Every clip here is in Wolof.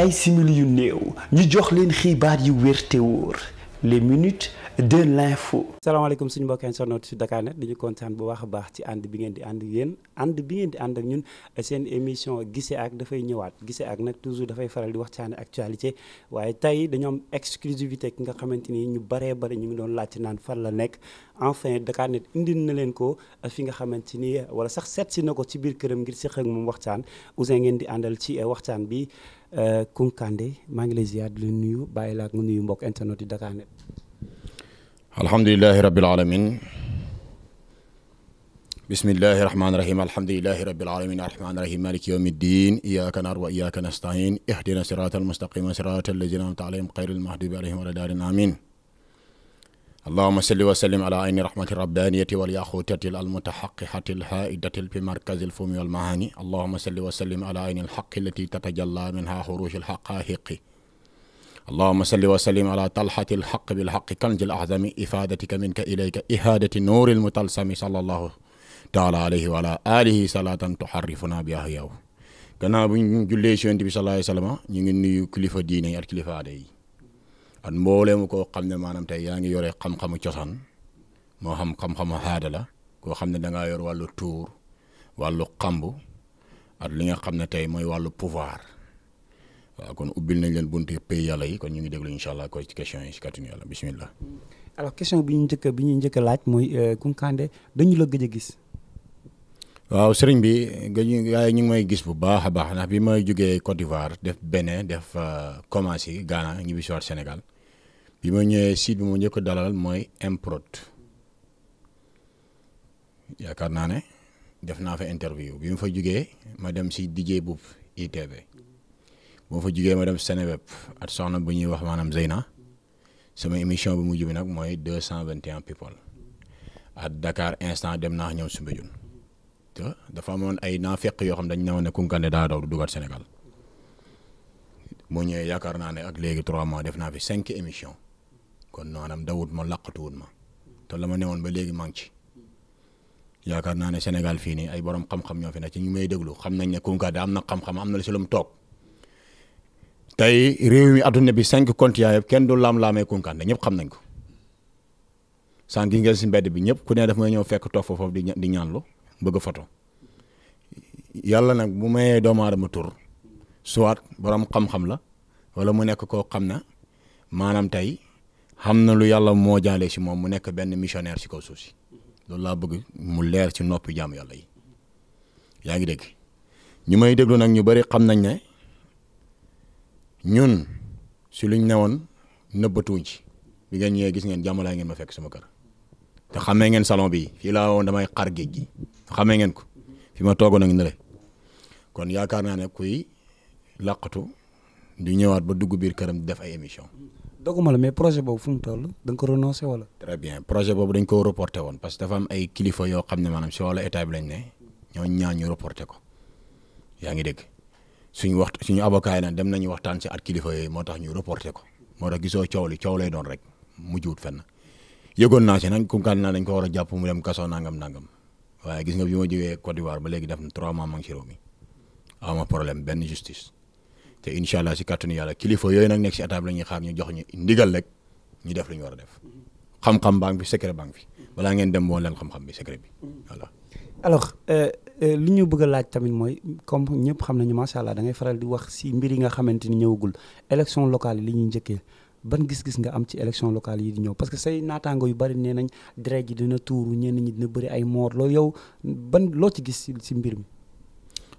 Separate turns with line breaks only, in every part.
ay simili yu néew ñu jox leen xibaar yu wér te wóor les minutes de l'info. salaamaaleykum suñu mbokk internet su Dakar Net dañu kontaan bu baax a baax ci ànd bi ngeen di ànd yéen ànd bi ngeen di ànd ak ñun seen émission gise ak dafay ñëwaat gise ak nag toujours dafay faral di waxtaane actualité waaye tey dañoo am exclusivité ki nga xamante ni ñu baree bari ñu ngi doon laajte naan fan la nekk enfin Dakar Net indi na leen ko fi nga xamante ni wala sax seet na ko ci biir këram ngir séq ak moom waxtaan Ouzin ngeen di àndal ci eh, waxtaan bi. Euh, Kounkandé maa ngi lay ziar di la nuyu bàyyi laa nga nuyu mbokk internet yi Dakar Net.
alhamdulilahi rabil aalamiin bismillahi rahmaani rahiim alhamdulilahi rabil aalamiin arrahmaani rahiim maaliki yawmi ddiin iyyaaka na'budu wa iyyaaka nasta'iin ihdina siraatal mustaqiima siraatal laziina an'amta alayhim ghayril maghduubi alayhim wa lad-daalliin aamiin allahuma salli wa sallim ala ayni rahmati rabbaniyati wal yaxutati almutaxaqiqati alhaidati fi markazi alfumi walmahani allahuma salli wa sallim ala ayni alxaqi allati tatajalla minha xuruj alxaqaahiqi allahuma salli wa sallim ala talxati alxaq bilxaqi kanzi alahzami ifadatika minka ilayka ihadati nuuri almutalsami salallahu taala alayhi wa ala alihi salatan tuxarifuna biha yow gannaaw bu ñu jullee ci Yonent bi sallallahu alayhi wa sallam ñu ngi nuyu kilifa diine yi ak kilifa aada yi ak mbooleemu koo xam ne maanaam tey yaa ngi yore xam-xamu cosaan moo xam xam-xamu aada la koo xam ne da ngaa yor wàllu tuur wàllu xamb ak li nga xam ne tey mooy wàllu pouvoir waaw kon ubbil nañ leen buntu pays yàlla yi kon ñu ngi déglu incha allah ko ci question yi si kàttanu yàlla bisimilah.
alors question bi ñu njëkk bi ñu njëkk laaj mooy euh, Kounkandé dañu la gëj a gis.
waaw sëriñ bi nga ñu waaye ñu ngi may gis bu baax a baax ndax bi may jógee Côte d'Ivoire def Bénin def euh, commencé yi Ghana ñibbi si waat Sénégal bi ma ñëwee site bi njëkk a mooy Improd yaakaar naa ne def naa fa interview bi ma fa jógee ma dem si DJ Boub ITV boo ma fa jógee ma dem Seneweb at soxna bu ñuy wax maanaam Zeyna sama émission bu mujj bi nag mooy 221 people at dakaar instant dem naa ñëw Soumbédioune que dafa amoon ay naafeq yoo xam dañ ne woon ne Koukandé daa daw du dugaat Sénégal mu ñëwee yaakaar naa ne ak léegi trois mois def naa fi cinq émission kon maanaam dawut ma laqatuwut ma te la ma newoon ba léegi maa ngi ci yaakaar naa ne Sénégal fii nii ay borom xam-xam ñoo fi ne ci ñu may déglu xam nañ ne Koukandé am na xam am na lu si lu mu toog tey réew mi adduna bi cinq continents yëpp kenn du laam-laamee Koukandé ñëpp xam nañ ko sànq yi ngeen si mbedd bi ñëpp ku ne daf may ñëw fekk toog di di ñaanlu bëgg a foto yàlla nag bu mayee doomu aadama tur soit borom xam-xam la wala mu nekk koo xam na maanaam tey xam na lu yàlla moo jaalee si moom mu nekk benn missionnaire si kaw suuf si loolu laa bëgg mu leer si noppi jaamu yàlla yi yaa ngi dégg ñu may déglu nag ñu bari xam nañ ne ñun si luñ newoon nëbbatuñ ci bi ngeen ñëwee gis ngeen jàmm laa ngeen ma fekk sama kër. te xamee ngeen salon bi fii laa woon damay xar géej gi xamee ngeen ko fi ma toogoon na nële kon yaakaar naa ne kuy làqatu du ñëwaat ba dugg biir këram di def ay émission
ma la mais projet boobu fu mu toll da nga ko renoncé wala.
très bien projet boobu dañ ko reporté woon parce que dafa ay kilifa yoo xam ne maanaam si wala état bi lañ ne ñoo ñaan ñu reporté ko yaa ngi dégg suñu waxtu suñu avocat yi nag dem nañu waxtaan si at kilifa yooyu moo tax ñu reporté ko moo tax gisoo coow li coow lay doon rek mujjuwut fenn. yëgoon naa si nag kunkaan naa dañ ko war a jàpp mu dem kaso nangam nangam waaye gis nga bi ma jógee d'Ivoire ba léegi def na trois mois ma si réew mi ama problème benn justice te incha allah si kàttanu yàlla kilifa yooyu nag nekk si état bi la ñuy xaar ñu jox ñu ndigal rek ñu def li ñu war a def xam-xam baa ngi fi secret baa fi balaa ngeen dem woon leen xam-xam bi secret bi voilà.
alors euh, euh, li ñu bëgg a laaj tamit mooy comme ñëpp xam nañu macha allah dangay faral di wax si mbir yi nga xamante ni ñëwagul élection locale li ñuy njëkkee ban gis-gis nga am ci élection locale yi di ñëw parce que say naataango yu bari nee nañ deret ji dina tuuru ñenn ñi dina bëri ay moor loolu yow ban loo ci gis si mbir mi.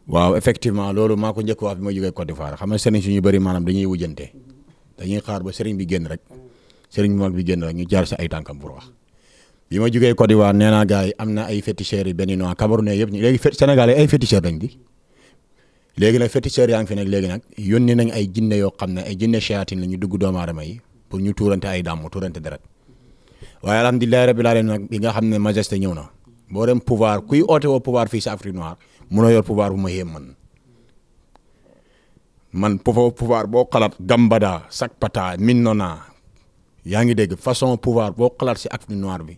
waaw effectivement loolu maa ko njëkk wax bi ma jógee Côte d'Ivoire xam nga sëriñ ñu bëri maanaam dañuy wujjante dañuy xaar ba sëriñ bi génn rek sëriñ mag bi génn rek ñu jaar si ay tànkam pour wax bi ma jógee Côte d'Ivoire nee naa yi am na ay féticheurs yu benn noo Camerounais yëpp léegi Sénégalais ay féticheurs lañ di. léegi nag féticheur yaa ngi fi nag léegi nag yónni nañ ay jinne yoo xam ne ay jinne shayatin la ñu dugg doomu aadama yi pour ñu tuurante ay dàmm tuurante deret waaye alhamdulilahi rabbil alamin nag bi nga xam ne majesté ñëw na boo dem pouvoir kuy oote woo pouvoir fii si Afrique noire yor pouvoir bu ma yéem man man pouvoir boo xalaat Gambada Sakpata Mignona yaa ngi dégg façon pouvoir boo xalaat si Afrique noire bi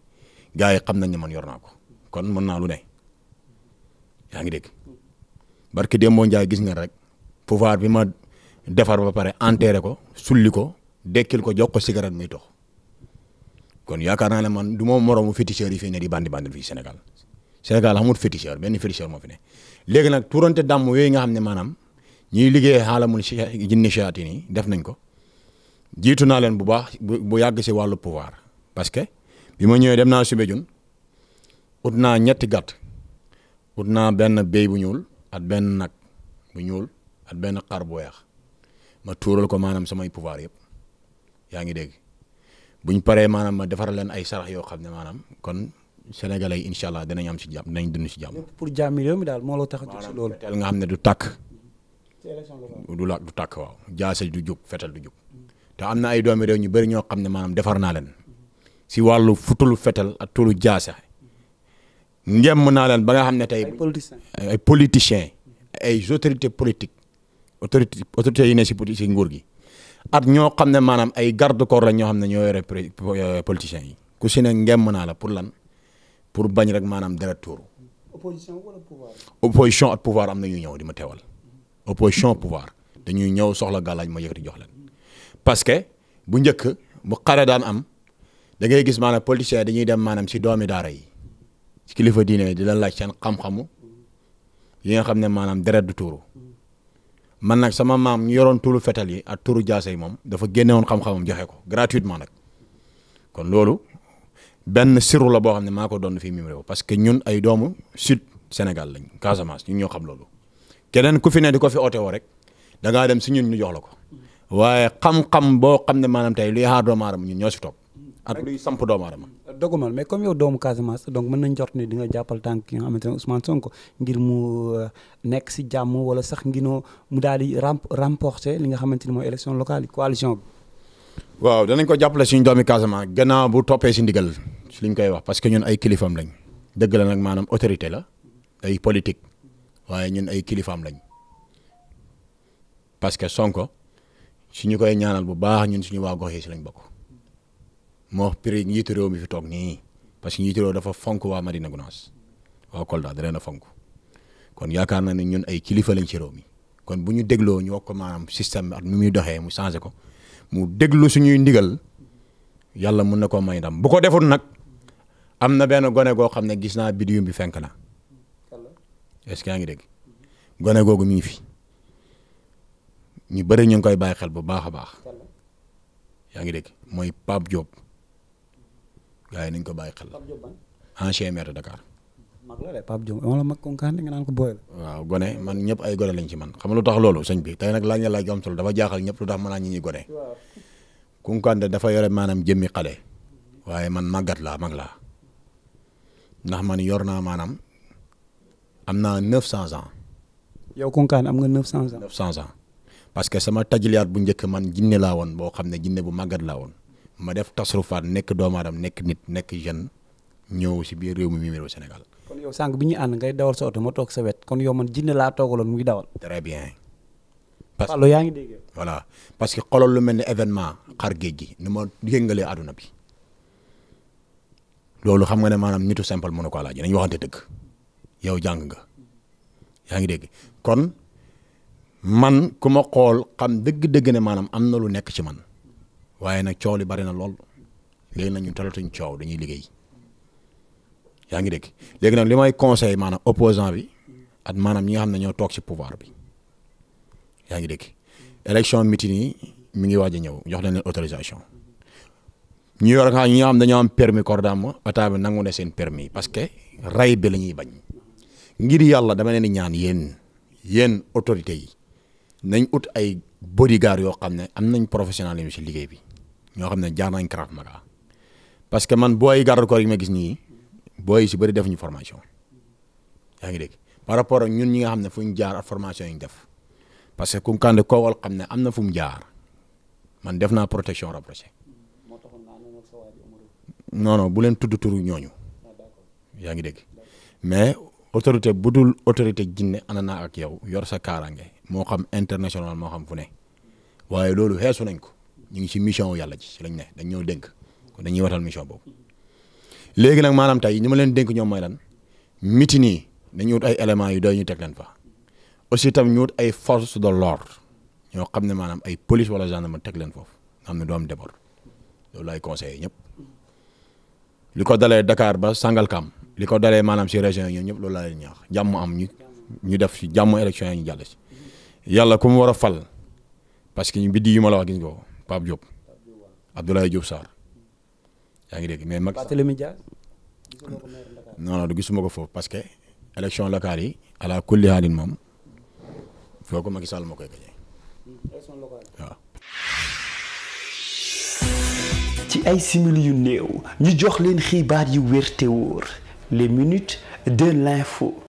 gars yi xam nañ ne man yor naa ko kon mën naa lu ne yaa ngi dégg barki Demba Ndiaye gis nga rek pouvoir bi ma defar ba pare enterré ko sulli ko dekkil ko jox ko cigarette muy tox kon yaakaar naa ne man du ma moromu féticheur yi fii ne di bandi bandi fii Sénégal Sénégal amul féticheur benn féticheur moo fi ne léegi nag turante dàmm yooyu nga xam ne maanaam ñiy liggéey xaalamul jinni shayatin yi def nañ ko jiitu naa leen bu baax bu yàgg si wàllu pouvoir parce que bi ma ñëwee dem naa Soumbédioune ut naa ñetti gàtt ut naa benn béy bu ñuul at benn nag bu ñuul at benn xar bu weex ma tuural ko maanaam samay pouvoir yëpp yaa ngi dégg buñ paree maanaam ma defaral leen ay sarax yoo xam ne maanaam kon sénégalais yi incha allah dinañ am si jàmm dinañ dund si jàmm.
pour jàmm réew mi daal moo la tax a loolu.
teel nga xam ne du tàkk. du la du tàkk waaw jaase du jóg fetal du jóg. te am na ay doomi réew ñu bëri ñoo xam ne maanaam defar naa leen si wàllu futulu fetal ak tulu jaase ngemm naa leen ba nga xam ne tey. ay politiciens ay autorités politiques autorité autorités yi ne si si nguur gi ak ñoo xam ne maanaam ay garde corps la ñoo xam ne ñoo yore euh, politiciens yi. ku si ne ngemm naa la pour lan pour bañ rek maanaam dara tuuru. opposition wala am na ñuy ñëw di ma teewal. opposition pouvoir dañuy ñëw soxla gàllaaj ma yëkkati jox leen parce que bu njëkk bu xare daan am da ngay gis maanaam politiciens dañuy dem maanaam si doomi daara yi. kilifa diine di la laaj seen xam-xamu yi nga xam ne maanaam deret du tuuru man nag sama maam ñu yoroon tuuru fetal yi ak tuuru jaase moom dafa génne woon xam-xamam joxe ko gratuitement nag kon loolu benn siru la boo xam ne maa ko doon fii mim réew parce que ñun ay doomu sud Sénégal lañ Casamance ñun ñoo xam loolu keneen ku fi ne di ko fi ote woo rek da dem si ñun ñu jox la ko waaye xam-xam boo xam ne maanaam tey li xaar doomu aadama ñoo si toog ak luy samp doomu aadama
dogumal mais comme yow doomu Casamance donc mën nañ jort ni di nga jàppal tànk ki nga xamante ne Ousmane Sonko ngir mu euh, nekk si jàmm wala sax nginoo mu daal di remporter li nga xamante ni mooy élection locale yi coalition bi
waaw danañ ko jàppale suñu doomi Casamance gannaaw bu toppee si ndigal si liñ koy wax parce que ñun ay kilifaam lañ dëgg la nag maanaam autorité la ay politique waaye ñun ay kilifaam lañ parce que Sonko suñu koy ñaanal bu baax ñun suñu waa gox yi si lañ bokk moo prix njiitu réew mi fi toog nii parce que njiitu réew dafa fonk waa Madina Gunaas waa Kolda da fonk kon yaakaar naa ne ñun ay kilifa lañ ci réew mi kon bu ñu dégloo ñu wax ko maanaam nu muy doxee mu changé ko mu déglu suñuy ndigal yàlla mun na koo may bu ko deful nag am na benn gone goo xam ne gis naa bidiyum bi fenk na est ngi dégg gone googu mi ngi fi ñu bëri ñu ngi koy bàyyi xel bu baax a baax yaa ngi dégg mooy Pape Diop. gars yi nañ ko bàyyi xel ancien maire de Dakar.
mag la de Pape Diop wala mag Konkane nga naan ko booy
waaw gone man ñëp ay gone lañ ci man xam lu tax loolu sëñ bi te nag laaj na laaj am solo dafa jaaxal ñëpp lu tax mën naa ñi ñuy gone. waaw Konkane dafa yore maanaam jëmmi xale. waaye man màggat laa mag laa ndax man yor naa maanaam am naa 900 ans. yow Konkane am nga 900 ans. 900 ans parce que sama tajliyaat bu njëkk man jinne laa woon boo xam ne jinne bu màggat laa woon. ma def tasrufaat nekk doomu aadama nekk nit nekk jeune ñëw si biir réew mi mii réew Sénégal.
kon yow sànq bi ñuy ànd ngay dawal sa oto ma toog sa wet kon yow man jinne laa toogaloon muy dawal.
très bien. parce que yaa ngi dégg. voilà parce que xolol lu mel ni événement xar géej gi ni ma yëngalee àdduna bi loolu xam nga ne maanaam nitu simple mënu ko laaj nañu waxante dëgg yow jàng nga yaa ngi dégg kon man ku ma xool xam dëgg-dëgg ne maanaam am na lu nekk ci man. waaye nag coow li bari na lool léegi nag ñu talatuñ coow dañuy liggéey yaa ngi dëkk léegi nag li may conseil maanaam opposant bi at maanaam ñi nga xam ne ñoo toog ci pouvoir bi yaa ngi dégg élection mitin yi mi ngi waaj a ñëw jox leen leen autorisation ñu yor nga ñi xam dañoo am permis cordama état bi nangu ne seen permis parce que ray bi la ñuy bañ ngir yàlla dama leen di ñaan yéen yéen autorités yi nañ ut ay bodyguard yoo xam ne am nañ professionnel yi ci liggéey bi ñoo xam ne jaar nañ Krav Maga parce que man booy garde corps yi ma gis nii booy si bëri defuñu formation yaa ngi dégg par rapport ak ñun ñi nga xam ne fu ñu jaar ak formation yi ñu def parce que ku kande koowal xam ne am na fu mu jaar man def naa protection rapprochée non non bu leen tudd turu ñooñu yaa ngi dégg mais autorité bu dul autorité jinne ana naa ak yow yor sa kaaraange moo xam international moo xam fu ne waaye loolu xeesu nañ ko. ñu ngi si mission wu yàlla ci ci lañ ne dañ ñoo dénk kon dañuy watal mission boobu léegi nag maanaam tey ñu ma leen dénk ñoom mooy lan mitin yi dañu wut ay éléments yu doo ñu teg leen fa aussi tam ñu wut ay force de l'ordre ñoo xam ne maanaam ay police wala gendarme teg leen foofu nga xam ne doo am débord loolu laay conseillé ñëpp li ko dalee dakaar ba Sangalkam li ko dalee maanaam si région yi ñëpp loolu laa leen ñaax jàmm am ñu ñu def si jàmm élection yi ñu jàll si yàlla ku mu war a fal parce que ñu biddi yu ma la Pape Diop Abdoulaye Diop Sarr yaa ngi dégg mais. Macky Sall gisuma ko foofu parce que élection locale yi ala kulli haalin moom foo ko Macky Sall koy gañe waaw.
ci ay simili yu néew ñu jox leen xibaar yu wér wóor les minutes de l'info.